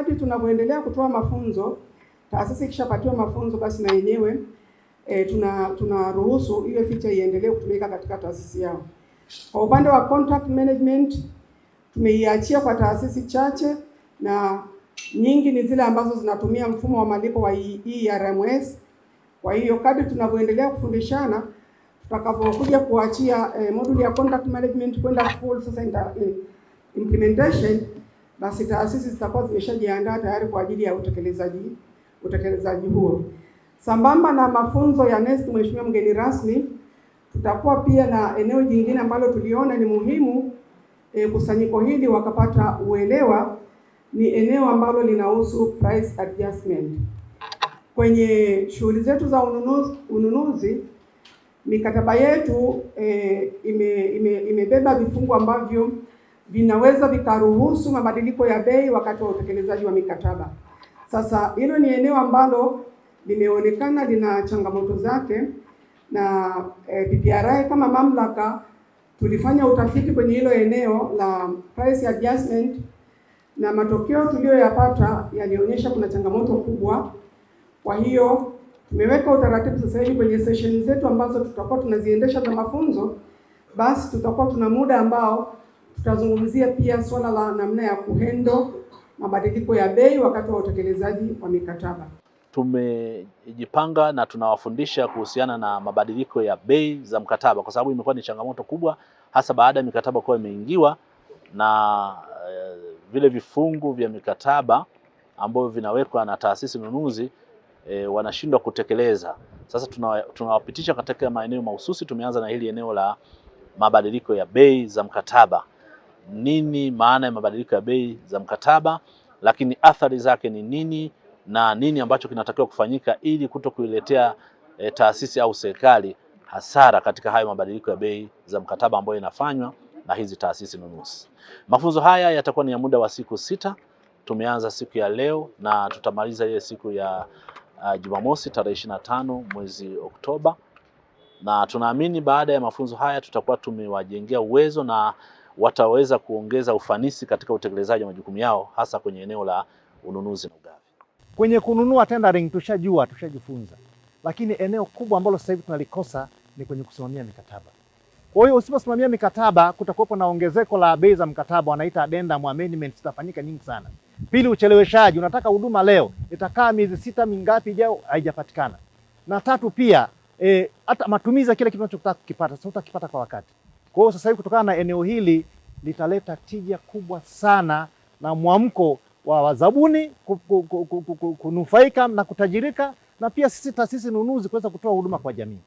kadri tunavyoendelea kutoa mafunzo, taasisi ikishapatiwa mafunzo, basi na yenyewe e, tuna tunaruhusu ile feature iendelee kutumika katika taasisi yao. Kwa upande wa contract management tumeiachia kwa taasisi chache na nyingi ni zile ambazo zinatumia mfumo wa malipo wa ERMS. E kwa hiyo kadri tunavyoendelea kufundishana, tutakapokuja kuachia eh, moduli ya contract management kwenda full sasa e, implementation basi taasisi zitakuwa zimeshajiandaa tayari kwa ajili ya utekelezaji utekelezaji huo. Sambamba na mafunzo ya NeST, Mheshimiwa mgeni rasmi, tutakuwa pia na eneo jingine ambalo tuliona ni muhimu e, kusanyiko hili wakapata uelewa, ni eneo ambalo linahusu price adjustment kwenye shughuli zetu za ununuzi, ununuzi mikataba yetu e, ime, ime, imebeba vifungu ambavyo vinaweza vikaruhusu mabadiliko ya bei wakati wa utekelezaji wa mikataba. Sasa hilo ni eneo ambalo limeonekana lina changamoto zake na e, kama mamlaka tulifanya utafiti kwenye hilo eneo la price adjustment na matokeo tuliyoyapata yalionyesha kuna changamoto kubwa. Kwa hiyo tumeweka utaratibu sasa hivi kwenye session zetu ambazo tutakuwa tunaziendesha za mafunzo, basi tutakuwa tuna muda ambao Tutazungumzia pia swala la namna ya kuhendo mabadiliko ya bei wakati wa utekelezaji wa mikataba. Tumejipanga na tunawafundisha kuhusiana na mabadiliko ya bei za mkataba, kwa sababu imekuwa ni changamoto kubwa, hasa baada ya mikataba kuwa imeingiwa na e, vile vifungu vya mikataba ambavyo vinawekwa na taasisi nunuzi e, wanashindwa kutekeleza. Sasa tunawapitisha katika maeneo mahususi. Tumeanza na hili eneo la mabadiliko ya bei za mkataba nini maana ya mabadiliko ya bei za mkataba, lakini athari zake ni nini na nini ambacho kinatakiwa kufanyika ili kuto kuiletea e, taasisi au serikali hasara katika hayo mabadiliko ya bei za mkataba ambayo inafanywa na hizi taasisi nunuzi. Mafunzo haya yatakuwa ni ya muda wa siku sita. Tumeanza siku ya leo na tutamaliza ile siku ya uh, Jumamosi tarehe ishirini na tano mwezi Oktoba, na tunaamini baada ya mafunzo haya tutakuwa tumewajengea uwezo na wataweza kuongeza ufanisi katika utekelezaji wa majukumu yao hasa kwenye eneo la ununuzi na ugavi. Kwenye kununua tendering tushajua, tushajifunza, lakini eneo kubwa ambalo sasa hivi tunalikosa ni kwenye kusimamia mikataba. Kwa hiyo usiposimamia mikataba, kutakuwepo na ongezeko la bei za mkataba, wanaita addendum amendments, zitafanyika nyingi sana. Pili, ucheleweshaji. Unataka huduma leo, itakaa miezi sita mingapi ijao, haijapatikana. Na tatu pia eh, hata e, matumizi ya kile kitu unachotaka kukipata, sasa utakipata kwa wakati. Kwa hiyo sasa hivi kutokana na eneo hili litaleta tija kubwa sana na mwamko wa wazabuni kunufaika na kutajirika, na pia sisi taasisi nunuzi kuweza kutoa huduma kwa jamii.